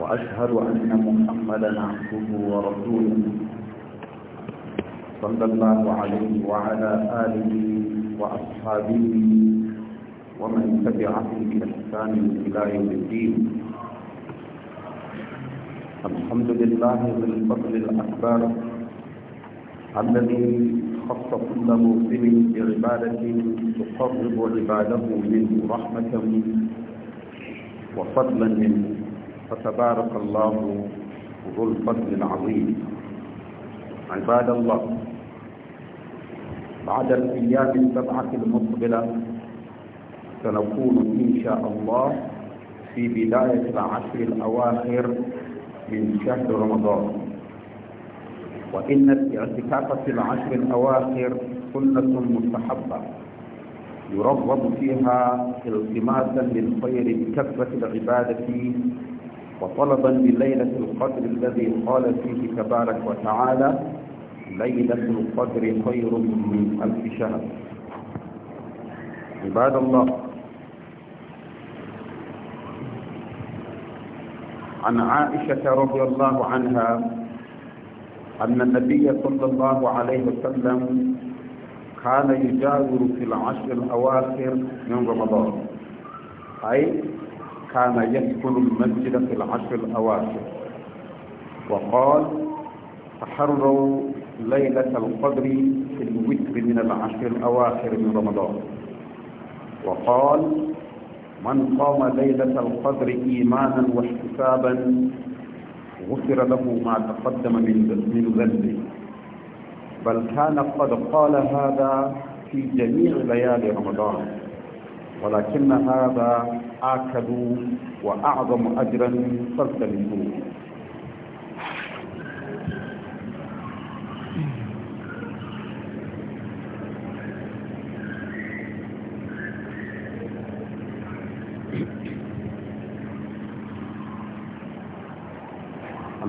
وأشهد أن محمدا عبده ورسوله صلى الله عليه وعلى آله وأصحابه ومن تبعه بإحسان إلى يوم الدين الحمد لله ذي الفضل الأكبر الذي خص كل موسم بعبادة تقرب عباده منه رحمة وفضلا منه فتبارك الله ذو الفضل العظيم عباد الله بعد الأيام السبعة المقبلة سنكون إن شاء الله في بداية العشر الأواخر من شهر رمضان وإن الاعتكاف في العشر الأواخر سنة مستحبة يرغب فيها التماسا للخير بكثرة العبادة وطلبا لليلة القدر الذي قال فيه تبارك وتعالى ليلة القدر خير من ألف شهر عباد الله عن عائشة رضي الله عنها أن النبي صلى الله عليه وسلم كان يجاور في العشر الأواخر من رمضان أي كان يسكن المسجد في العشر الأواخر وقال تحروا ليلة القدر في الوتر من العشر الأواخر من رمضان وقال من قام ليلة القدر إيمانا واحتسابا غفر له ما تقدم من ذنبه بل كان قد قال هذا في جميع ليالي رمضان ولكن هذا آكلوا وأعظم أجرا فاستمسوه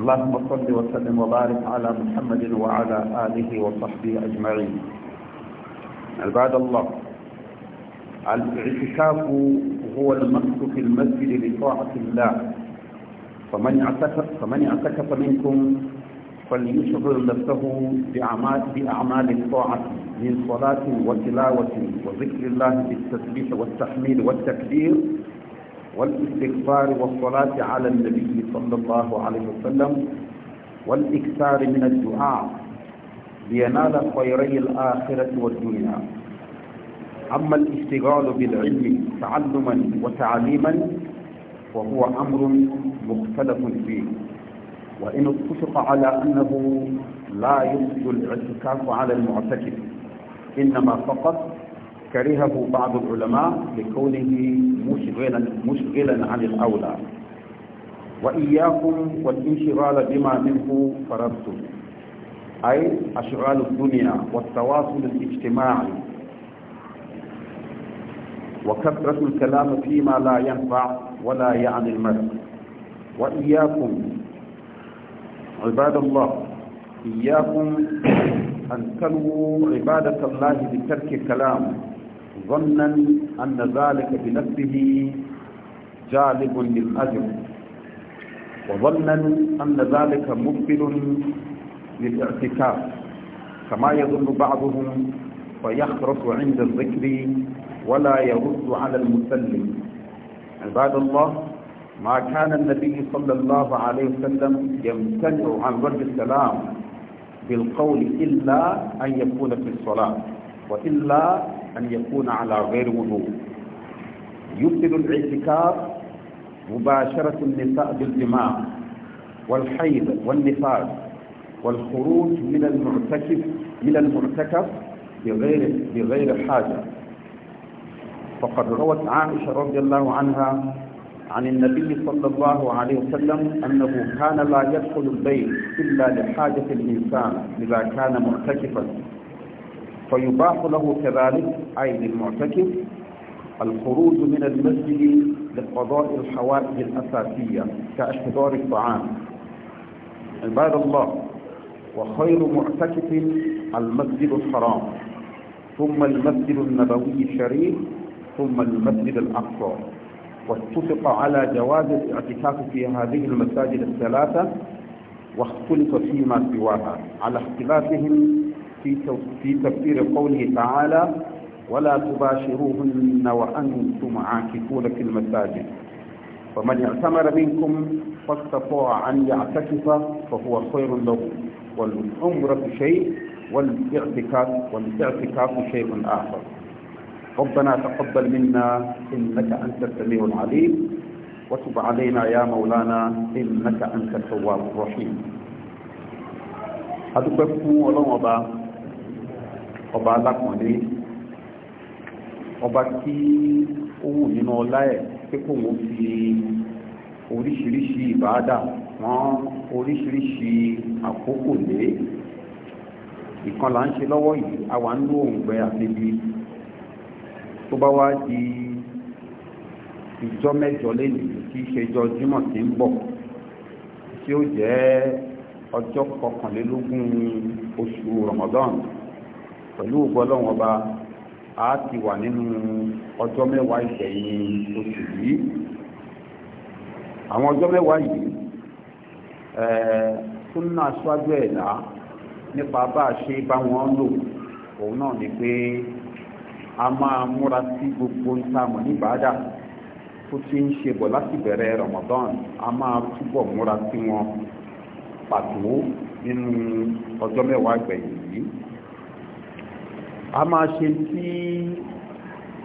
اللهم صل وسلم وبارك على محمد وعلى آله وصحبه أجمعين عباد الله الاعتكاف هو المكث في المسجد لطاعة الله فمن اعتكف فمن اعتكف منكم فليشغل نفسه بأعمال بأعمال الطاعة من صلاة وتلاوة وذكر الله بالتسبيح والتحميد والتكبير والاستغفار والصلاة على النبي صلى الله عليه وسلم والإكثار من الدعاء لينال خيري الآخرة والدنيا أما الاشتغال بالعلم تعلما وتعليما فهو أمر مختلف فيه وإن اتفق على أنه لا يفسد الاعتكاف على المعتكف إنما فقط كرهه بعض العلماء لكونه مشغلا, مشغلا عن الأولى وإياكم والانشغال بما منه فرضتم أي أشغال الدنيا والتواصل الاجتماعي وكثرة الكلام فيما لا ينفع ولا يعني المرء وإياكم عباد الله إياكم أن تلووا عبادة الله بترك الكلام ظنا أن ذلك بنفسه جالب للأجر وظنا أن ذلك مقبل للاعتكاف كما يظن بعضهم فيخرص عند الذكر ولا يرد على المسلم عباد الله ما كان النبي صلى الله عليه وسلم يمتنع عن رد السلام بالقول إلا أن يكون في الصلاة وإلا أن يكون على غير وضوء يبطل الاعتكاف مباشرة النساء بالجماع والحيض والنفاس والخروج من المعتكف من المعتكف بغير بغير حاجة فقد روت عائشة رضي الله عنها عن النبي صلى الله عليه وسلم أنه كان لا يدخل البيت إلا لحاجة الإنسان إذا كان معتكفا فيباح له كذلك أي للمعتكف الخروج من المسجد لقضاء الحوائج الأساسية كاحتضار الطعام عباد الله وخير معتكف المسجد الحرام ثم المسجد النبوي الشريف ثم المسجد الأقصى واتفق على جواز الاعتكاف في هذه المساجد الثلاثة واختلف فيما سواها على اختلافهم في في تفسير قوله تعالى ولا تباشروهن وأنتم عاكفون في المساجد فمن اعتمر منكم فاستطاع أن يعتكف فهو خير له والعمرة شيء والاعتكاف والاعتكاف شيء آخر ربنا تقبل منا إنك أنت السميع العليم وتب علينا يا مولانا إنك أنت التواب الرحيم adúpẹ́ fún ọlọ́run ọba ọba alákùnrin ọba tí ó wù nínú ọlá ẹ̀ pé kò wọ́n fi oríṣiríṣi ìbáadà wọ́n oríṣiríṣi àkókò lé ìkan là ń ṣe lọ́wọ́ yìí àwa ń lo òǹgbẹ àti ibi tó bá wá di ìjọ mẹ́jọ lẹ́yìn tí í ṣe jọ jímọ̀ tí ń bọ̀ tí ó jẹ́ ọjọ́ kọkànlélógún oṣù Ramadan pẹ̀lú ògbọ́lọ́wọ́n ọba a ti wà nínú ọjọ́ mẹ́wàá ìgbẹ̀yìn oṣù yìí àwọn ọjọ́ mẹ́wàá yìí súnà aṣáájú ẹ̀dá nípa bá a ṣe bá wọn lò òun náà ni pé a máa múra sí gbogbo ntàmù níbàdà tó ti ń ṣe bọ̀ láti bẹ̀rẹ̀ Ramadan a máa túbọ̀ múra sí wọn pàtó nínú ọjọ́ mẹ́wàá gbẹ̀yìn yìí a máa ṣe tí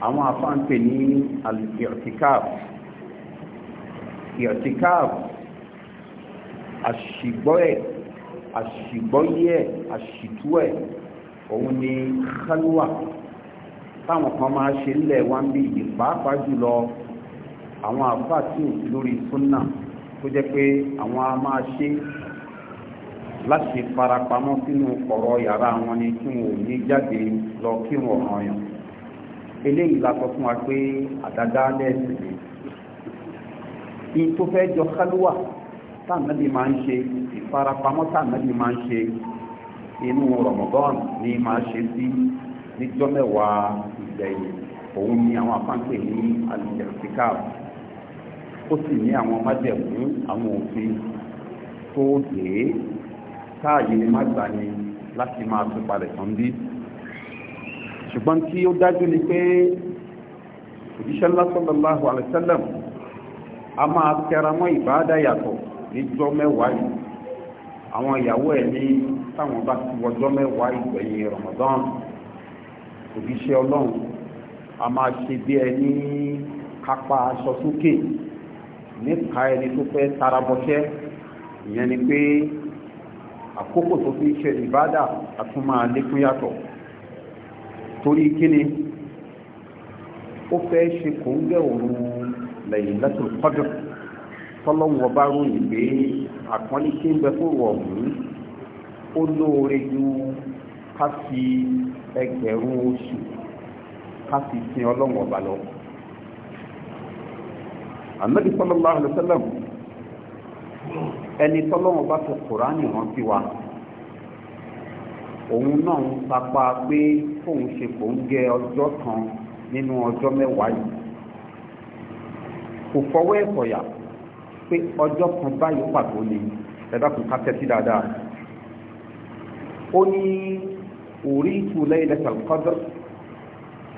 àwọn afáǹpẹ̀ ní al-i'tikaf i'tikaf àṣìgbọ́ ẹ̀ òun ni khalwa táwọn kan máa ṣe nílẹ̀ wá ń bí yìí pàápàá jùlọ àwọn àfáà tí ò sí lórí súnà tó jẹ́ pé àwọn a máa ṣe láti farapamọ́ sínú ọ̀rọ̀ yàrá wọn ni tí wọn ò ní jáde lọ kí wọn ọ̀ràn yàn eléyìí la sọ fún wa pé àdáda lẹ́sìn ni tó fẹ́ jọ kálúwà tànàbí máa ń ṣe ìfarapamọ́ tànàbí máa ń ṣe inú rọ̀mọ̀dọ́n ni máa ṣe sí níjọ́ mẹ́wàá lẹ́yìn òun ni àwọn apáǹpẹ̀ ní alìjẹ̀síkàf ó sì ní àwọn májẹ̀mú àwọn òfin tó dé táàyè ni má gbà ni láti máa tún palẹ̀ tán bí ṣùgbọ́n tí ó dájú ni pé òjíṣẹ́ ńlá sallallahu alaihi wasallam a máa tẹra mọ́ ìbáadá yàtọ̀ níjọ́ mẹ́wàá yìí àwọn ìyàwó ẹ̀ ní táwọn bá ti wọjọ́ mẹ́wàá ìgbẹ̀yìn Ramadan òbíṣẹ́ ọlọ́run a máa ṣe bí ẹni kápá aṣọ sókè nípa ẹni tó fẹ́ tarabọṣẹ́ ìyẹn ni pé àkókò tó fi ṣe ìbádà a tún máa lékún yàtọ̀ torí kíni ó fẹ́ ṣe kòńgẹ́ òru lẹ́yìn lẹ́tùn kọ́dùn tọ́lọ́hún ọba ròyìn pé àpọ́nlé tí ń bẹ fún ọ̀hún ó lóore ju ká fi ẹgbẹ̀rún oṣù ká fi sin ọlọ́run ọba lọ. Ànábì sallallahu alaihi wasallam ẹni tọ́lọ́run bá fi Kùránì wọn sí wa òun náà ń sapá pé kóun ṣe kò ń gẹ ọjọ́ kan nínú ọjọ́ mẹ́wàá yìí kò fọwọ́ ẹ̀kọ̀yà pé ọjọ́ kan báyìí pàtó ni ẹ̀dá kò ká tẹ́tí dáadáa ó ní. أريت ليلة القدر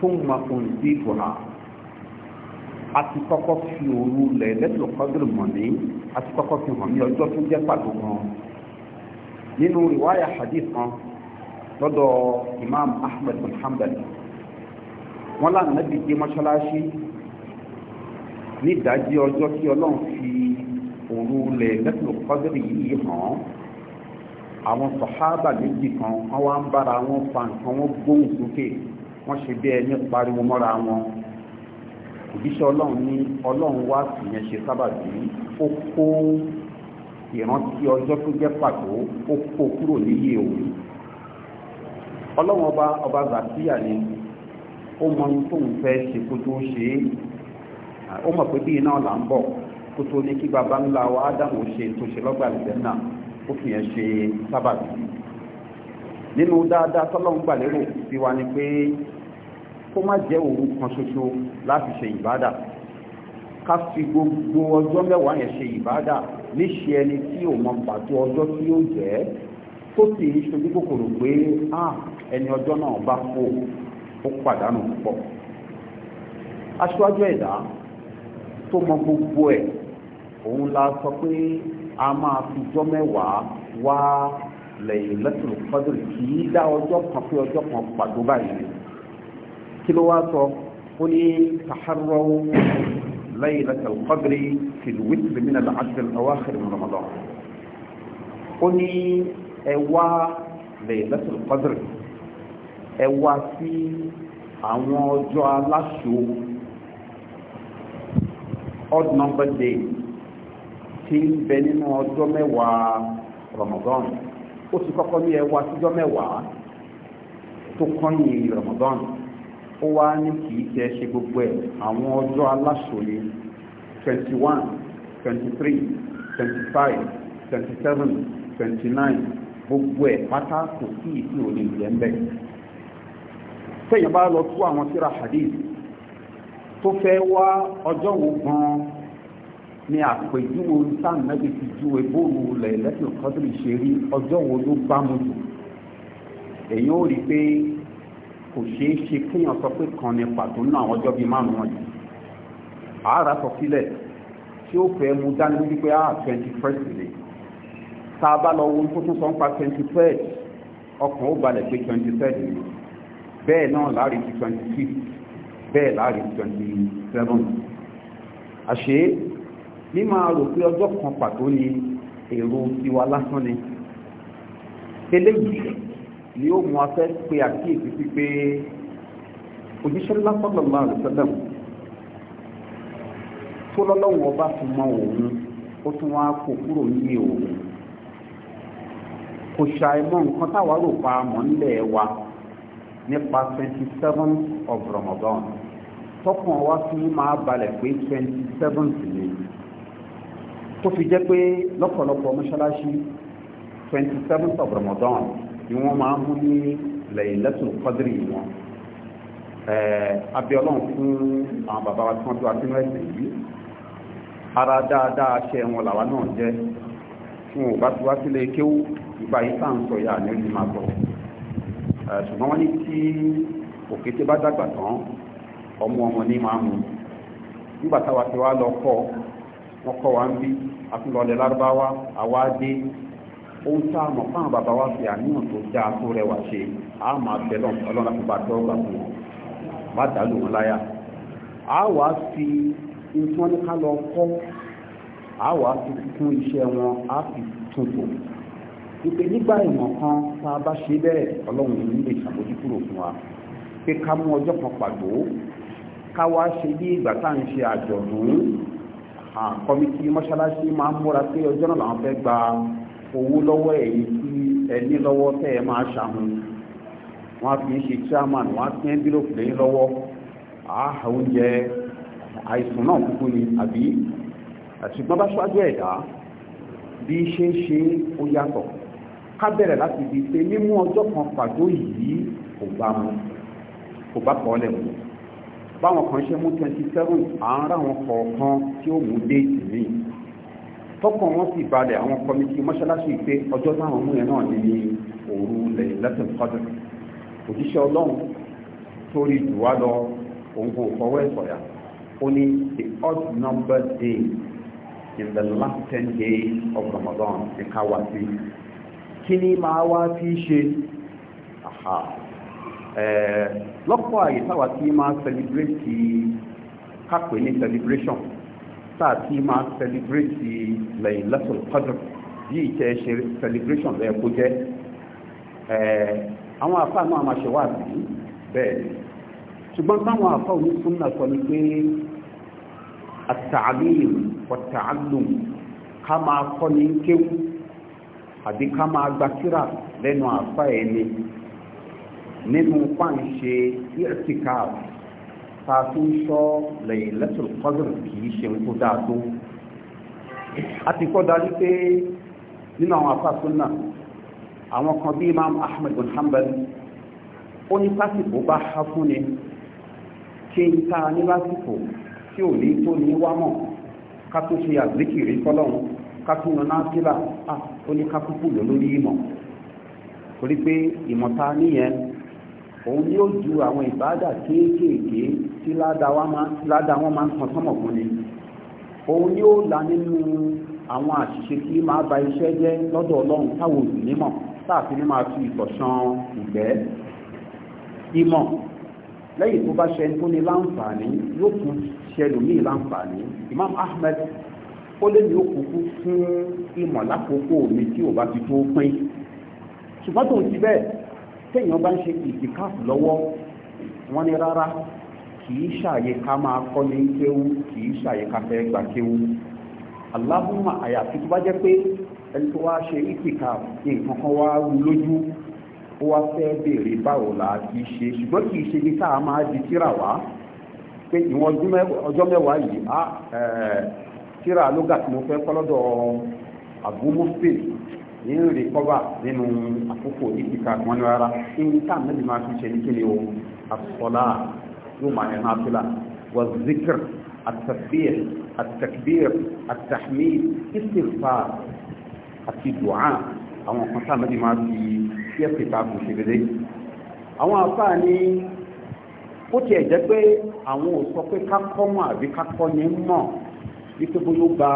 ثم أنسيتها àti kọ́kọ́ fi òru lẹ̀ lẹ́tọ̀ kọ́dùrù mọ̀ ní àti kọ́kọ́ fi hàn ní ọjọ́ tó jẹ́ pàtó kan nínú ìwáyà hadith kan lọ́dọ̀ imam ahmed bin hanbal wọ́n lánàá náà dìde mọ́ṣáláṣí ní ìdájí ọjọ́ tí ọlọ́run fi òru lẹ̀ lẹ́tọ̀ kọ́dùrù yìí hàn àwọn sàhábà méjì kan wọ́n wá ń bára wọn fa nǹkan wọ́n gbóhùn sókè wọ́n ṣe bí ẹni pariwo mọ́ra wọn òjíṣẹ́ ọlọ́run ní ọlọ́run wá tìyẹn ṣe sábàbí ó kó ìrántí ọjọ́ tó jẹ́ pàtó ó kó kúrò níyì òun ọlọ́run ọba ọba zakiya ni ó mọ ohun tóun fẹ́ ṣe kó tó ṣe é ó mọ̀ pé bí iná là ń bọ̀ kó tó ní kí baba ńlá wa ádámù ṣe tó ṣe lọ́gbà ìgbẹ́ náà ó fi yẹn ṣe sábàbí nínú dáadáa tọ́lọ́run gbà lérò sí wa ni pé kó má jẹ́ òru kan ṣoṣo láti ṣe ìbádà ká fi gbogbo ọjọ́ mẹ́wàá yẹn ṣe ìbádà níṣe ẹni tí ò mọ pàtó ọjọ́ tí ó jẹ́ tó sì ń ṣojú kòkòrò pé ẹni ọjọ́ náà bá fò ó pàdánù púpọ̀ aṣíwájú ẹ̀dá tó mọ gbogbo ẹ̀ òun la sọ pé a máa fi jọ́ mẹ́wàá wá Laylatul Qadr kì í dá ọjọ́ kan pé ọjọ́ kan pàtó báyìí kí ló wá sọ ó ní taharraw Laylatul Qadr fil witr min al-ashr al-awakhir min Ramadan ó ní ẹ wá Laylatul Qadr ẹ wá sí àwọn ọjọ́ aláṣọ odd number days tí ń bẹ nínú ọjọ́ mẹ́wàá Ramadan ó ti kọ́kọ́ ní ẹwà síjọ́ mẹ́wàá tó kọ́yìn Ramadan ó wá ní kì í tẹ́ ṣe gbogbo ẹ̀ àwọn ọjọ́ aláṣọyé twenty one twenty three twenty five twenty seven twenty nine gbogbo ẹ̀ pátá kò sí ìsìn òní ìjẹ́ ń bẹ̀. sẹ́yìn bá lọ tú àwọn síra hadith tó fẹ́ wá ọjọ́ wo gan-an ni àpèjúwe sáà nàbì ti júwe bóòlù lẹ̀ lẹ́sìn kọ́tìrì ṣe rí ọjọ́ wo ló bámu jù èyí ó rí i pé kò ṣeé ṣe kéèyàn sọ pé kan ní pàtó náà àwọn ọjọ́ bíi márùn-ún wọ̀nyí àárà sọ sílẹ̀ tí ó fẹ́ mu dání lórí pé a ah, twenty first lè tá a bá lọ wo tó tún sọ ń pa twenty first ọkàn ó balẹ̀ pé twenty third ni bẹ́ẹ̀ náà láàrin ti twenty fifth bẹ́ẹ̀ láàrin ti twenty seven àṣé ní máa rò pé ọjọ́ kan pàtó ni èrò tiwa lásán ni eléyìí ni ó mú afẹ́ pé àkíyèsí sí pé òjíṣẹ́ ńlá sallallahu alaihi wasallam tó lọ́lọ́wọ́ ọba fi mọ òun ó tún wá kó kúrò nílé òun kò ṣàìmọ̀ nǹkan táwa rò pa mọ́ nílẹ̀ wa nípa twenty of Ramadan tọkàn wa fi máa balẹ̀ pé twenty seven sì ni tó fi jẹ́ pé lọ́pọ̀lọpọ̀ mọ́ṣáláṣí twenty seven of Ramadan ni wọ́n máa ń mú ní Laylatul Qadri wọn abẹ́ ọlọ́run fún àwọn bàbá wa tí wọ́n tó wá sínú ẹ̀sìn yìí ara dáadáa ṣe wọn làwa náà jẹ́ tí wọn ò wá sílé kéwú ìgbà yìí sáà ń sọ ìyá àná ìlú máa bọ̀ ṣùgbọ́n wọ́n ní tí òkété bá dàgbà tán ọmọ ọmọ ní máa mú nígbà táwa ti wá lọ kọ́ wọ́n kọ́ wa ń bí àtúlọ̀lẹ̀ lárúbáwá àwádé ohun tá a mọ̀ fáwọn bàbá wa fi àníyàn tó dáa tó rẹwà ṣe a máa bẹ ọlọ́run àti bàtọ́ ọgbà fún wọn má dàlú wọn láyà a wà á fi nǹkan ní ká lọ kọ́ a wà á fi kún iṣẹ́ wọn a fi tuntun ìpè nígbà ìmọ̀ tá a bá ṣe bẹ́ẹ̀ ọlọ́run ní lè ṣàmójúkúrò fún wa pé ká mú ọjọ́ kan pàtó ká wá ṣe bí ìgbà tá à ń ṣe àjọ̀dún kọ́mítì mọ́ṣáláṣí máa ń múra sí ọjọ́ náà làwọn fẹ́ gba owó lọ́wọ́ ẹ̀yìn tí ẹni lọ́wọ́ tẹ́ ẹ máa ṣàhùn wọn fi ń ṣe chairman wọn á tẹ́ bílòpù lẹ́yìn lọ́wọ́ àhà oúnjẹ àìsàn náà kúkú ni àbí ṣùgbọ́n bá ṣáájú ẹ̀dá bí ṣe ń ṣe ó yàtọ̀ ká bẹ̀rẹ̀ láti fi pé mímú ọjọ́ kan pàtó yìí kò bá mu kò bá kọ́ lẹ̀ mọ́ báwọn kan ṣe mú twenty seven à ń kọ̀ọ̀kan tí ó mú déètì mi tọkàn wọn sì balẹ̀ àwọn kọ́mítì mọ́ṣáláṣí pé ọjọ́ táwọn mú yẹn náà ní òru lẹ̀ lẹ́sìn kọ́dọ̀ òjíṣẹ́ ọlọ́run torí jù lọ òun kò fọwọ́ ẹ̀ ó ní the odd number day in the last ten days of Ramadan ní ká wá sí kí ni máa wá fi ṣe aha. Eh, lọ́pọ̀ àyè táwa tí máa celebrate kápẹ́ ní celebration táà tí máa celebrate Laylatul Qadr bí ìtẹ́ ṣe celebration lẹ́yìn kó jẹ́ eh, àwọn àfáà náà máa ṣe wá sí bẹ́ẹ̀ ni ṣùgbọ́n táwọn àfáà onísúnnà sọ ni pé àtàlìm ọ̀tàlùm ká máa kọ́ ní kéwù àbí ká máa gba síra nínú pàǹṣe irtikaf ta tó ń sọ Laylatul Qadr kìí ṣe ń tó dáa tó a ti kọ́ darí pé nínú àwọn afáàfin àwọn kan bí Imam Ahmed bin Hanbal ó ní pásìkò bá há fún ni kí n ta ní lásìkò tí ò ní tó ní wá mọ̀ ká tó ṣe àzíkìrí fọlọ́run ká tó yan náà sílà ó ní ká kúkú lò lórí ìmọ̀ torí pé ìmọ̀ta níyẹn òun ni ó ju àwọn ìbádà kéékèèké tí ládàá wọn máa ń kan sọ́mọ̀ fún ni òun ni ó la nínú àwọn àṣìṣe tí máa ba iṣẹ́ jẹ́ lọ́dọ̀ ọlọ́run táwọn òbí nímọ̀ táàfin ní máa fi ìtọ̀sán ìgbẹ́ ìmọ̀ lẹ́yìn tó bá ṣe tó ní láǹfààní yóò kún ṣẹlòmíì láǹfààní Imam Ahmed ó lé ní òkùnkùn fún ìmọ̀ lákòókò mi tí ò bá ti tó pín ṣùgbọ́n tó ń ti bẹ́ẹ̀ téèyàn bá ń ṣe ìtìkáàfù lọ́wọ́ wọ́n ní rárá kì í ṣàyè ká máa kọ́ ní kéwú kì í ṣàyè ká fẹ́ gbà kéwú aláhùnmá àyàfi tó bá jẹ́ pé ẹni tó wá ṣe ìtìkáàfù nǹkan kan wá wú lójú ó wá fẹ́ béèrè báwo la kì í ṣe ṣùgbọ́n kì í ṣe ní táà máa di tíra wá pé ìwọ̀n ọjọ́ mẹ́wàá yìí á ah, eh, tíra lóga tí mo fẹ́ kọ́ lọ́dọ̀ àbúmọ́fẹ́ nínú ìrìkọ́bà nínú àkókò ìdíkà wọn ní rárá ní tá àmì máa fi ṣe ní kíni o àsọlá yóò máa yẹn náà fílà wà zikr àtàfíà àtàkbír àtàhmí ìsìnfà àti dùá àwọn kan tá àmì máa fi fi ẹsẹ̀ ká kù ṣe dédé àwọn afáà ní ó tiẹ̀ jẹ́ pé àwọn ò sọ pé ká mọ́ àbí ká kọ́ mọ́ wípé bóyá ó ba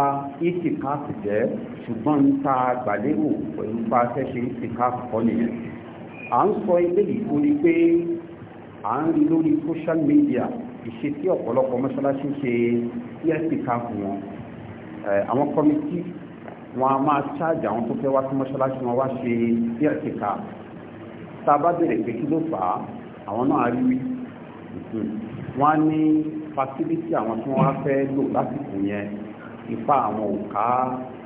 ìtìkáàfù jẹ́ ṣùgbọ́n ń ta gbàlérò pẹ̀lú bá a fẹ́ ṣe ìtìkáàfù kọ́ nìyẹn à ń sọ eléyìí torí pé à ń rí lórí social media ìṣe tí ọ̀pọ̀lọpọ̀ mọ́ṣáláṣí ṣe ìtìkáàfù wọn àwọn kọ́mítì wọn a máa ṣáàjà àwọn tó fẹ́ wá sí mọ́ṣáláṣí wọn wá ṣe ìtìkáàfù tá a bá bẹ̀rẹ̀ pé kí ló fà á àwọn náà rí wí hmm. á ní facility àwọn tí wọ́n á fẹ́ lò lásìkò yẹn ipa àwọn òkà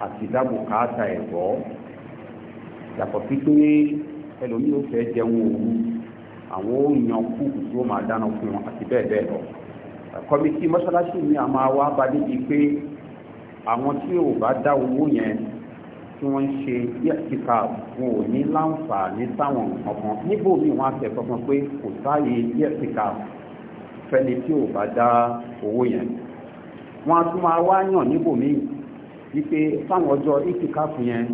àti ìdábòkà àta ẹ̀rọ yàtọ̀ sí pé ẹlòmíì ò fẹ́ jẹun òru àwọn ò yan kúùkù tí ó máa dáná fún wọn àti bẹ́ẹ̀ bẹ́ẹ̀ lọ kọ́mítì mọ́ṣáláṣí mi àmọ́ wa bá débi pé àwọn tí ò bá dá owó yẹn tí wọ́n ń ṣe yẹ́kìkà wọn ò ní láǹfààní sáwọn nǹkan kan níbo mi wọ́n á tẹ̀ fọ́fọ́n pé kò sáàyè yẹ́kìkà fẹ́ni tí ò bá dá owó yẹn wọ́n á tún máa wá yàn níbòmíì wípé fáwọn ọjọ́ ìtìkáfù yẹn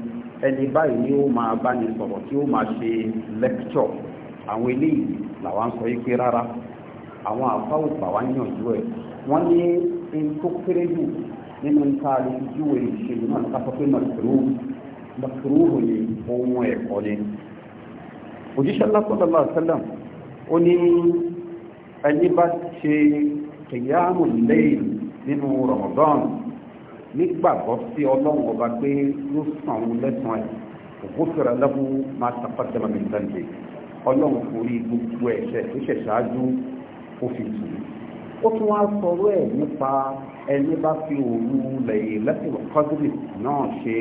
ẹni báyìí ni ó máa bá ní sọ̀rọ̀ tí ó máa ṣe lẹ́kítọ̀ àwọn eléyìí làwọn sọ yìí pé rárá àwọn àfáwò gbà wá yànjú ẹ̀ wọ́n ní ẹni tó kéré jù nínú nípa àlejò ìṣèlú náà ká sọ pé màkìrú màkìrú ni ohun ẹ̀kọ́ ni òjíṣẹ́ lásán lọ́lá sẹ́lẹ̀m ó ní ẹni bá ṣe kìyàmù lẹ́yìn nínú Ramadan nígbàgbọ́ sí ọlọ́run ọba pé yóò san òun lẹ́sàn ẹ̀ òkú fẹ́rẹ̀ lẹ́kùn máa tapá dẹ́mà mi sẹ́ńdẹ̀ ọlọ́run forí gbogbo ẹ̀ṣẹ̀ tó ṣẹ̀ ṣáájú ó fi tù ú ó tún wá sọ̀rọ̀ ẹ̀ nípa ẹni bá fi òru lẹ́yìn lẹ́sìn kọ́sìlì náà ṣe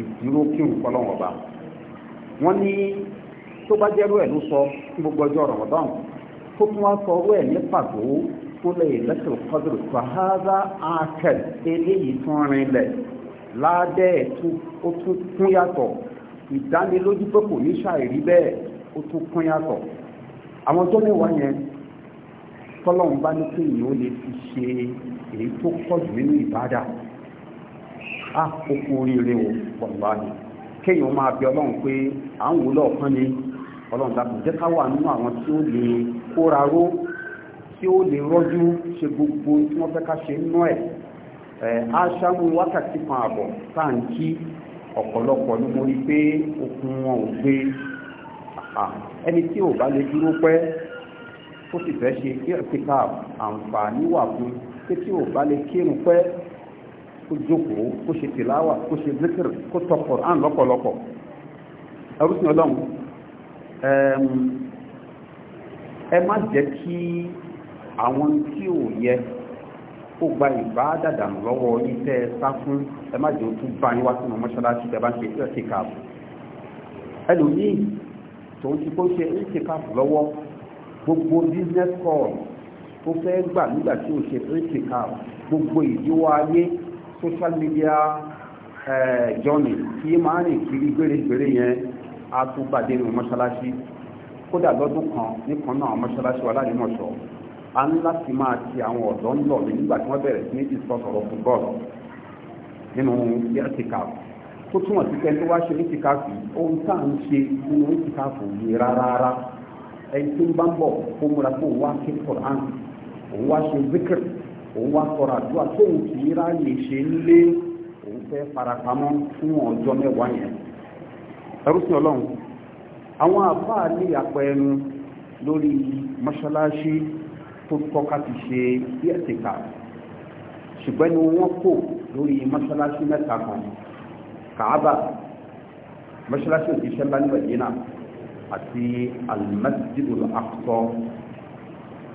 ìdúró kí n kọ́ ọba wọ́n ní tó bá jẹ́rú ẹ̀ ló sọ fún gbogbo ọjọ́ Ramadan kó tún wá sọ ọwọ́ ẹ̀ ní pàtó tó lè lẹ́sẹ̀ kọ́dùrù fàhádà àkẹ́l eléyìí tún rinlẹ̀ ládẹ́ ó tún kún yàtọ̀ ìdánilójú pé kò ní ṣàìrí bẹ́ẹ̀ ó tún kún yàtọ̀ àwọn tó mẹ́wàá yẹn tọ́lọ́run bá ní pé ìyẹn ó lè fi ṣe èyí tó pọ̀ jù nínú ìbádà á ah, kókó oríire o pọ̀ báyìí kéèyàn máa bí ọlọ́run pé à ń wò lọ́ọ̀kan ni ọlọ́run dákun jẹ́ ká wà nínú àwọn tí ó lè kóra ró tí ó lè rọ́jú ṣe gbogbo tí wọ́n fẹ́ ká ṣe nínú ẹ̀ aṣáájú wákàtí kan àbọ̀ tá à ń kí ọ̀pọ̀lọpọ̀ ló mọ̀ rí pé okun wọn ò gbé ẹni tí ò bá lè dúró pẹ́ ó sì fẹ́ ṣe kíkà àǹfààní wà fún pé tí ò bá lè kírun pẹ́ kó jókòó kó ṣe tìláwà kó ṣe zikir kó tọkọ̀ án lọ́pọ̀lọpọ̀ ẹrú sí ọlọ́run ẹ má jẹ́ kí àwọn tí ò yẹ kó gba ìbá dàdà lọ́wọ́ yín tẹ́ ẹ sá fún ẹ má jẹ́ ó tún bá yín wá sínú mọ́ṣáláṣí tẹ́ bá ń ṣe ẹ̀ kíkà bù ẹlòmíì tòun ti kó ṣe ẹ̀ kíkà bù lọ́wọ́ gbogbo business call tó fẹ́ gbà nígbà tí ó ṣe critical gbogbo ìdíwọ́ ayé social media eh, journey tí máa rìn kiri gbèrègbèrè yẹn á tún pàdé nínú mọ́ṣáláṣí kódà lọ́dún kan nìkan náà mọ́ṣáláṣí wa lálẹ́mọ̀ṣọ́ a ní láti máa ti àwọn ọ̀dọ́ ń lọ nígbà tí wọ́n bẹ̀rẹ̀ sí ní ìsọ̀sọ̀rọ̀ fútbọ́ọ̀lù nínú yẹ́tìkàpù tó túmọ̀ sí pé ẹni tó wá ṣe yẹ́tìkàpù ohun tá à ń ṣe nínú yẹ́tìkàpù yìí rárá ẹni tó ń bá ń bọ̀ kó múra kó wá ké koran òun wá ṣe zikr òun wá sọ̀rọ̀ àdúrà tóun kì í ráyè ṣe ń lé òun fẹ́ farapamọ́ fún ọjọ́ mẹ́wàá yẹn ẹrúsìn ọlọ́run àwọn àfáà ní àpẹ ẹnu lórí mọ́ṣáláṣí tó tọ́ka ti ṣe bí ẹ̀sìnká ṣùgbọ́n ni wọ́n kò lórí mọ́ṣáláṣí mẹ́ta kan kàábà mọ́ṣáláṣí òṣìṣẹ́ ńlá ní bàjẹ́nà àti almasjidul aqsa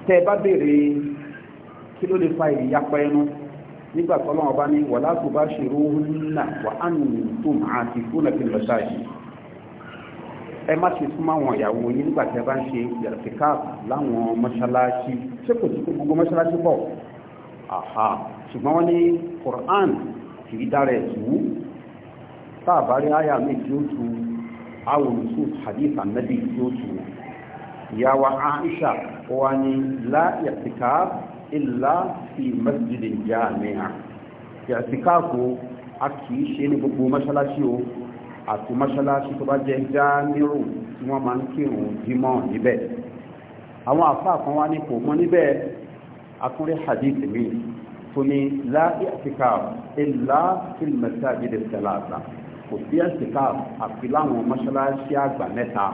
tẹ́ bá béèrè kí ló lè fa ìyapa ẹnu nígbà tọ́lọ́wọ́n bá ní wàlá tubashiruhunna wa antum aakifuna fil masajid ẹ má ṣe súnmọ́ àwọn ìyàwó yín nígbà tí a bá ń ṣe yàtìká láwọn mọ́ṣáláṣí ṣé kò sí pé gbogbo mọ́ṣáláṣí bọ̀ àhà ṣùgbọ́n wọ́n ní Qur'an kì í dára ẹ̀tù tá a bá rí àyà mi tí ó tu àwọn olùsùn hadith anabi tí ó tu ìyá wa Aisha ó wá ní la yàtìká illa fi masjidin jami'a yàtìká kò a kì í ṣe ní gbogbo mọ́ṣáláṣí o àti mọ́ṣáláṣí tó bá jẹ́ jámírù tí wọ́n máa ń kírun jímọ̀ níbẹ̀ àwọn àfáà kan wá ní kò mọ́ níbẹ̀ akúnrẹ́ hadith mi tó ní láì àtìkà ilá fílmẹ̀tà jíde sẹ́láàtà kò sí àtìkà àfi láwọn mọ́ṣáláṣí àgbà mẹ́ta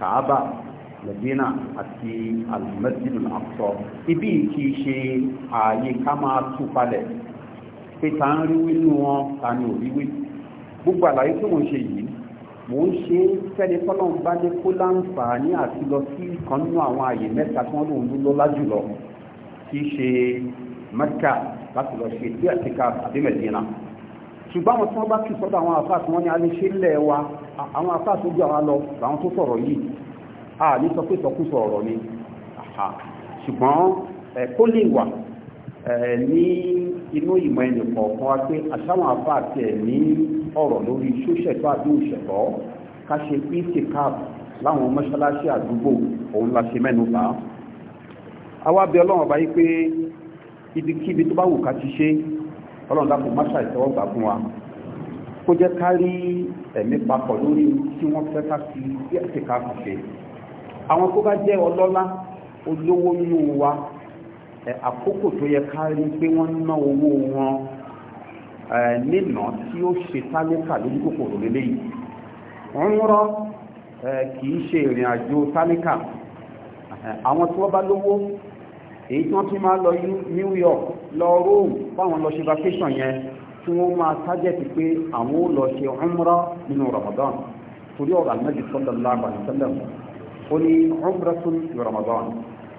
kàábà lẹ́bínà àti alimẹ́sìlù àpọ̀ ibi kì í ṣe ààyè ká máa tú palẹ̀ pé ta ń rí wí nú wọn ta ni ò rí wí gbogbo àlàyé tí mo ń ṣe yìí mo ń ṣe fẹ́ni tọ́lọ́run bá ní kó láǹfààní àti lọ sí ìkan nínú àwọn ààyè mẹ́ta tí wọ́n lòun ló lọ́lá jùlọ tí í ṣe Mẹ́kà láti lọ ṣe tí àtìká àbí Mẹdínà ṣùgbọ́n àwọn tí wọ́n bá kì sọ́dọ̀ àwọn àfáà tí wọ́n ní aléṣe ńlẹ̀ wa àwọn àfáà tó gbé àwọn lọ làwọn tó sọ̀rọ̀ yìí a ní sọ pé sọkúsọ ọ̀rọ̀ ni ṣùgbọ́n kó lè wà ní inú ìmọ̀ ẹnì kọ̀ọ̀kan wá pé àṣàwọn afá àti ẹ̀ ní ọ̀rọ̀ lórí ṣóṣẹ̀tọ́ àbí òṣẹ̀tọ́ ká ṣe itikaf láwọn mọ́ṣáláṣí àdúgbò òun la ṣe mẹ́nu bá àwa bẹ̀ ọlọ́run ọba yìí pé ibikíbi tó bá wù ká ti ṣe ọlọ́run dákun máṣá ìtẹ́wọ́gbà fún wa kó jẹ́ ká rí ẹ̀mí papọ̀ lórí tí wọ́n fẹ́ ká fi itikaf ṣe àwọn tó bá jẹ́ ọlọ́lá olówó nínú wa àkókò tó yẹ ká rí pé wọ́n ná owó wọn nínà tí ó ṣe tálíkà lójú kòkòrò lélẹ́yìí umra kìí ṣe ìrìn àjò tálíkà àwọn tí wọ́n bá lówó èyí tí wọ́n tún máa lọ New York lọ Rome fáwọn lọ ṣe vacation yẹn tí wọ́n máa tájẹ̀tì pé àwọn ó lọ ṣe umra nínú Ramadan torí ọ̀rọ̀ Ànábì sallallahu alaihi wasallam ó ní umratun fi Ramadan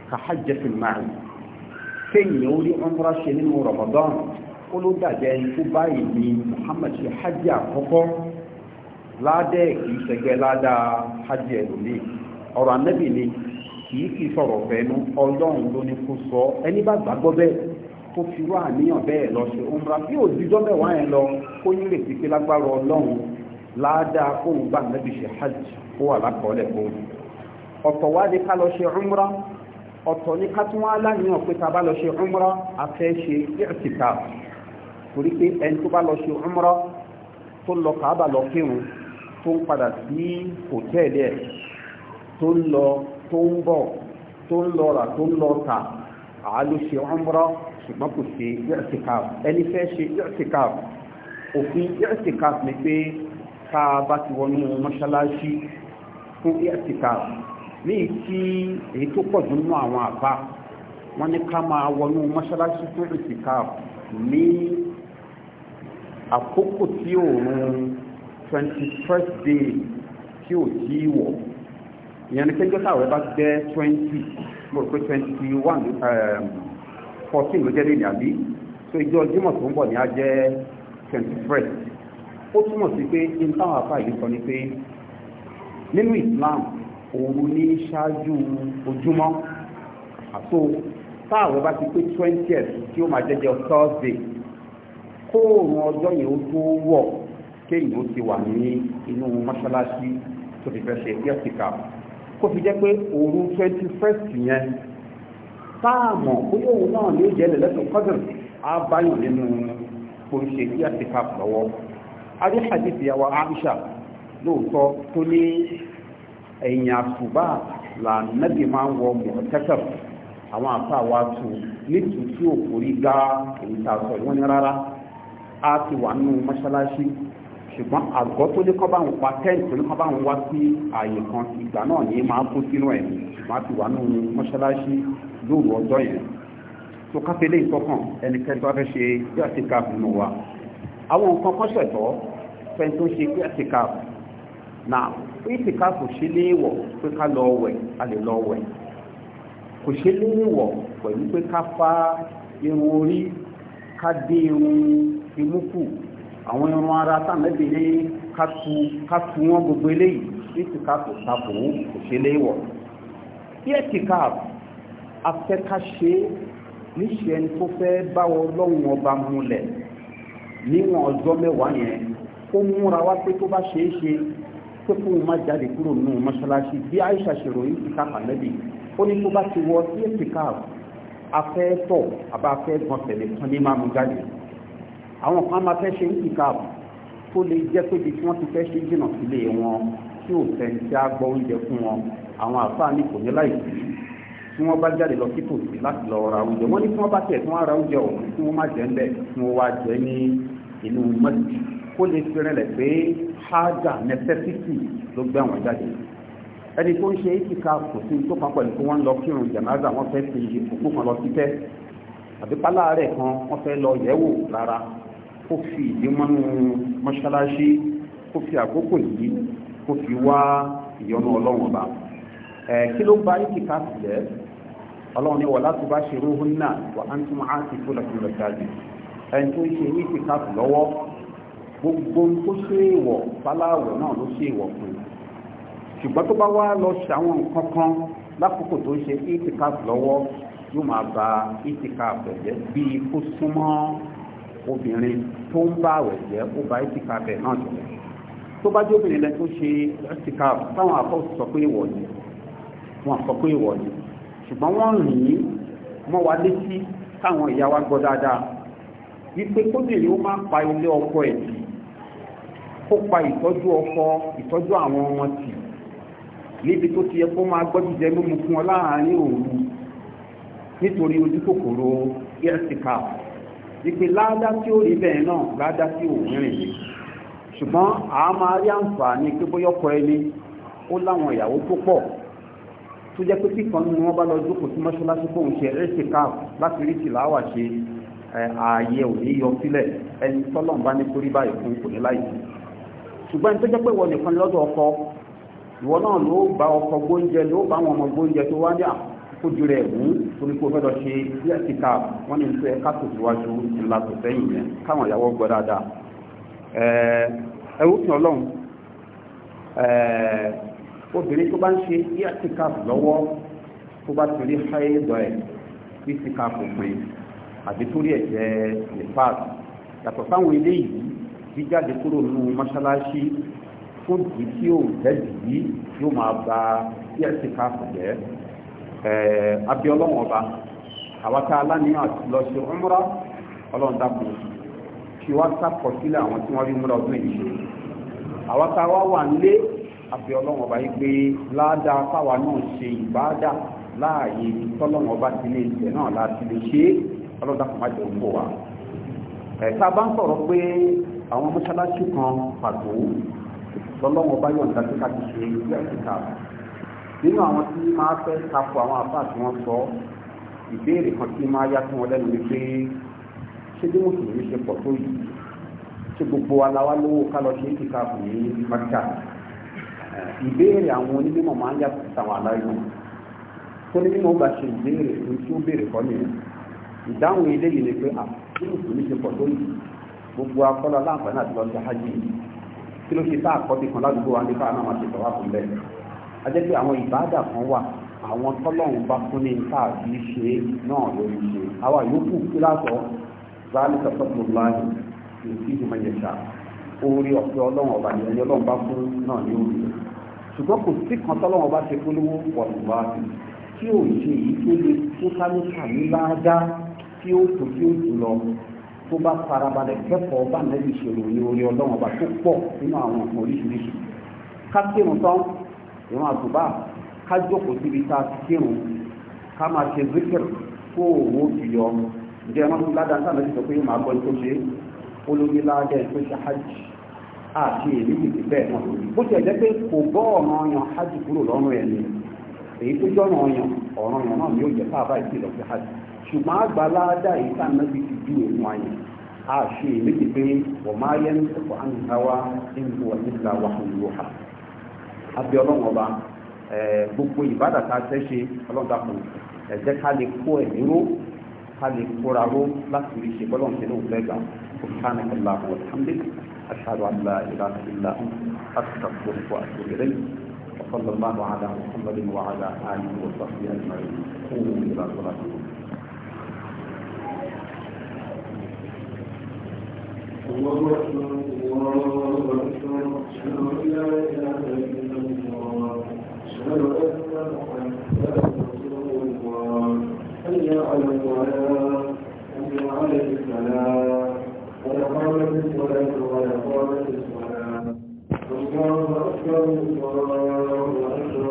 ka hajjatul ma'i kéèyàn ó rí umra ṣe nínú Ramadan ó ló dàjẹ́ ikú báyìí ni Muhammad ṣe hajj àkọ́kọ́ ládẹ́ kì í ṣẹgbẹ́ ládàá hajj ẹlòmíì ọ̀rọ̀ anábì ni kì í fi sọ̀rọ̀ fẹ́nu ọlọ́run ló ní kó sọ ẹni bá gbàgbọ́ bẹ́ẹ̀ kó fi wá àníyàn bẹ́ẹ̀ lọ ṣe umra bí òdìjọ́ mẹ́wàá yẹn lọ kó ní lè fi pé lágbára ọlọ́run ládàá kóun bá anábì ṣe hajj kó wà lákọọ́lẹ̀ kó ọ̀tọ̀ wá ká lọ ṣe umra ọ̀tọ̀ ní ká tún wá láníyàn pé ta bá lọ ṣe umrah afẹ́ ṣe i'tikaf torí pé ẹni tó bá lọ ṣe umrah tó lọ kàábà lọ kírun tó ń padà sí hòtẹ́ẹ̀lì ẹ̀ tó ń lọ tó ń bọ̀ tó ń lọ rà tó ń lọ tà àá ṣe umrah ṣùgbọ́n kò ṣe i'tikaf ẹni fẹ́ ṣe i'tikaf òfin i'tikaf ni pé tá bá ti wọnú mọ́ṣáláṣí fún i'tikaf ní ìtí èyí tó pọ̀ jù nínú àwọn àbá wọn ní ká máa wọnú mọ́ṣáláṣí fún ìsìnká ní àkókò tí òòrùn twenty first day tí ò tí ì wọ̀ ìyẹn ní kéjọ́ táwọn bá jẹ́ twenty mo rò pé twenty one um, fourteen ló jẹ́ lé ní àbí so ìjọ jímọ̀ tó ń bọ̀ ní á jẹ́ twenty first ó túmọ̀ sí pé ní táwọn àbá yìí sọ ni pé nínú Islam òru ní ṣáájú ojúmọ́ àtò táàwọ̀ bá ti pé twentieth tí ó máa jẹ́jẹ́ thursday kóòrùn ọjọ́ yẹn ó tó wọ̀ kéèyàn ó ti wà ní inú mọ́ṣáláṣí tó fi fẹ́ ṣe yẹ́sìkà kó fi jẹ́ pé òru twenty first yẹn táàmọ̀ bóyá òun náà ní ìjẹ́ lẹ́lẹ́sùn kọ́dùn á báyọ̀ nínú pòṣe yẹ́sìkà lọ́wọ́ adé hadith ìyàwó Aisha lóòótọ́ tó ní ẹ̀yìn àsùbá lànàbì máa ń wọ mọ̀tẹ́kẹ̀f àwọn àfa wa tu nítorí tí ò kórí gá èyí tá a sọ ìwọ́n ní rárá a ti wà nínú mọ́ṣáláṣí ṣùgbọ́n àgọ́ tó ní kọ́ bá ń pa tẹ́ǹtì tó ní kọ́ bá ń wá sí ààyè kan ìgbà náà ní máa kó sínú ẹ̀ ṣùgbọ́n a ti wà nínú mọ́ṣáláṣí lóru ọjọ́ yẹn tó kápẹ́lẹ́ ìtọ́kàn ẹnikẹ́ni tó bá fẹ́ ṣe bí àtìkà nù wa àwọn nǹkan kọ́ṣẹ̀tọ́ fẹ́ni tó ń ṣe bí àtìkà náà ìtì ká kò ṣe léèwọ̀ pé ká lọ wẹ̀ a lè lọ wẹ̀ kò ṣe léèwọ̀ pẹ̀lú pé ká fá irun orí ká dé irun imú kù àwọn irun ara sàmẹ́bí ní ká tu ká tu wọ́n gbogbo eléyìí ìtì ká kò sàbò kò ṣe léèwọ̀ tí ẹ̀tì ká afẹ́ ká ṣe níṣẹ́ ẹni tó fẹ́ bá ọlọ́run ọba múlẹ̀ níwọ̀n ọjọ́ mẹ́wàá yẹn ó múra wá pé tó bá ṣeé ṣe pé kó o má jáde kúrò nínú mọ́ṣáláṣí bí Aisha ṣe ròyìn ìka pàlẹ́bì ó ní tó bá ti wọ sí ìka afẹ́tọ̀ àbáfẹ́ gbọ̀nsẹ̀lẹ̀ kan ní máa mú jáde àwọn kan máa fẹ́ ṣe ìka tó lè jẹ́ pé bí wọ́n ti fẹ́ ṣe jìnnà sílé wọn tí ò fẹ́ tí a gbọ́ oúnjẹ fún wọn àwọn àfáà ní kò ní láì sí tí wọ́n bá jáde lọ sí tòsí láti lọ ra oúnjẹ wọ́n ní tí wọ́n bá tẹ̀ tí wọ́n ra oúnjẹ ọ̀hún tí wọ́n má jẹ́ ń bẹ̀ tí wọ́n wá jẹ́ ní inú mọ́tì kó lè fi rẹlẹ̀ pé hájà necessity ló gbé àwọn jáde ẹni tó ń ṣe ìtìká kò sí tó kan pẹ̀lú kí wọ́n lọ kírun jàmáza wọ́n fẹ́ fi òkú kan lọ sí tẹ́ àbí pálá rẹ̀ kan wọ́n fẹ́ lọ yẹ̀wò rárá kó fi ìdí mọ́nú mọ́ṣáláṣí kó fi àkókò yìí kó fi wá ìyọnu ọlọ́run ọba ẹ̀ kí ló bá ìtìká sílẹ̀ ọlọ́run ní wọ̀ láti bá ṣe rúhùn náà wà á ń tún á ti kó lọ́kùnrin lọ́jáde ẹni tó ń ṣe ìtìká lọ́wọ́ gbogbo tó ṣe èèwọ̀ fáláwọ̀ náà ló ṣe èèwọ̀ fún un ṣùgbọ́n tó bá wá lọ ṣe àwọn nǹkan kan lákòókò tó ń ṣe itikaf lọ́wọ́ yóò máa ba itikaf rẹ̀ jẹ́ bíi kó súnmọ́ obìnrin tó ń bá rẹ̀ jẹ́ ó ba itikaf rẹ̀ náà jẹ́ tó bá jẹ́ obìnrin lẹ tó ṣe itikaf táwọn afọ́ sọ pé ìwọ̀ ni wọ́n sọ pé ìwọ̀ ni ṣùgbọ́n wọ́n rìn ín mọ́ wa létí káwọn ìyá wa gbọ́ dáadáa wípé kóbìnrin ó máa pa ilé ọkọ ẹ̀ yìí kópa ìtọ́jú ọkọ ìtọ́jú àwọn ọmọ tì níbi tó ti yẹ kó máa gbọ́ jíjẹ mímu fún ọ láàárín òru nítorí ojú kòkòrò ẹ̀sìkà wípé ládá tí ó rí bẹ́ẹ̀ náà ládá tí ò ń rìn ní ṣùgbọ́n a máa rí àǹfààní pé bóyá ọkọ ẹni ó láwọn ìyàwó tó pọ̀ tó jẹ́ pé kíkan nínú wọn bá lọ jókòó sí mọ́ṣáláṣí fóun ṣe ẹ̀sìkà láti rí tìláwà ṣe ààyè òní yọ sílẹ̀ ẹni tọ́lọ́mbá nítorí báyìí fún kò ní láyé ṣùgbọ́n tó jẹ́ pé wọ́n nìkan lọ́dọ̀ ọkọ ìwọ náà ló bá ọkọ gbóúnjẹ ló bá àwọn ọmọ gbóúnjẹ tó wájà kójú rẹ̀ mú torí pé o fẹ́ lọ ṣe díẹ̀ síta wọ́n ní nítorí ẹ̀ka tó síwájú ńlá tó sẹ́yìn yẹn káwọn ìyàwó gbọ́ dáadáa ẹ̀rú fi ọlọ́run obìnrin tó bá ń ṣe díẹ̀ síta lọ́wọ́ tó bá torí háìdọ̀ ẹ̀ bí síta kò pin àbí torí ẹ̀jẹ̀ nípa yàtọ̀ sáwọn ilé yìí jíjáde kúrò nínú mọ́ṣáláṣí fún ìdí tí ò tẹ́lẹ̀ yìí yóò máa ba tíẹ̀sì káàpù jẹ́ abiọlọ́wọ́n ọba àwọn tá a lánìyàn àti lọ sí ọmọrá ọlọ́run dákun fi wá sàkọsílẹ̀ àwọn tí wọ́n rí múra ọdún yìí ṣe àwọn tá a wá wà nílé abiọlọ́wọ́n ọba yìí pé ládàá fáwa náà ṣe ìbáàdà láàyè tọ́lọ́wọ́n ọba ti lè jẹ náà láti lè ṣe ọlọ́run dákun má jẹun bò wá. ẹ̀ka bá ń sọ̀rọ̀ pé àwọn mọ́ṣáláṣí kan pàtó lọ́lọ́wọ́ bá yọ̀ǹda tí ká ti ṣe ilé àtìkà nínú àwọn tí máa fẹ́ tako àwọn àbá tí wọ́n sọ ìbéèrè kan tí máa yá sí wọn lẹ́nu ni pé ṣé bí mùsùlùmí ṣe pọ̀ tó yìí ṣé gbogbo aláwa lówó ká lọ ṣe é kíkà fún ní mọ́ṣá ìbéèrè àwọn onímọ̀ máa ń yàtọ̀ sí àwọn aláìmọ̀ tó ní mímọ́ bá ṣe ìbéèrè fún tí ó béèrè kọ́ nìyẹn ìdáhùn eléyìí ni pé à bí mùsùlùmí ṣe pọ̀ tó yìí gbogbo akọ́lá láǹfààní àti lọ́sẹ̀ hajj kí ló ṣe tá àkọ́sí kan ládùúgbò wa nípa náà máa ṣe tọ́wá fún bẹ́ẹ̀ ajẹ́ pé àwọn ìbáàdà kan wà àwọn tọ́lọ́run bá fún ní nǹkan àti ṣe náà ló ń ṣe àwa yòókù kí látọ̀ báàlì sọ́tọ́tù láàyè kì í sí ìdí máa yẹ ṣá orí ọ̀pẹ ọlọ́run ọba ni ẹni ọlọ́run bá fún náà ní òru ṣùgbọ́n kò sí kan tọ́lọ́run ọba ṣe polówó pọ̀ nígbà tí ò ṣe èyí tó le tó ní kàmí láadá tí ó tó tí ó jù lọ tó bá farabalẹ̀ kẹ́kọ̀ọ́ bá nẹ́bí ìṣòro ní orí ọlọ́run ọba tó pọ̀ nínú àwọn nǹkan oríṣiríṣi ká kírun tán ìran àtùbá ká jókòó síbi tá a ti kírun ká máa ṣe zikir kó owó fi yọ ǹjẹ́ ẹran tó ládàá sáà lọ́sọ̀ pé màá gbọ́ tó ṣe olóyè ládàá ẹ̀ tó ṣe hajj àti èmi tètè bẹ́ẹ̀ náà bó ti jẹ́ pé kò bọ́ ọ̀nà ọyàn hajj kúrò lọ́rùn ẹ̀ ni èyí tó jọ́nà ọyàn ọ̀ràn ọyàn náà ni ó jẹ́ sáàbà ìpìlẹ̀ ọ̀sẹ̀ hajj ṣùgbọ́n àgbàláàdá èyí tá àná ti ju èèmù ayàn a ṣe méjì pé wọ́n máa yẹ ní ẹ̀kọ́ àǹtàwá nínú ìlà wàhùnúwà àbí ọlọ́run ọba gbogbo ìbádà tá a fẹ́ ṣe ọlọ́run dàpọ̀ ẹ ká lè kó ẹ̀mí ró ká lè kóra ró láti rí ṣe bọ́lọ̀ ṣe lóun gbà وصلى الله على محمد وعلى آله وصحبه أجمعين قوموا إلى صلاتكم الله أكبر الله أكبر أشهد أن لا إله إلا الله أشهد أن محمدا رسول الله حي على الصلاة حي على الفلاح ولا قامت الصلاة ولا قامت الصلاة الله أكبر الله أكبر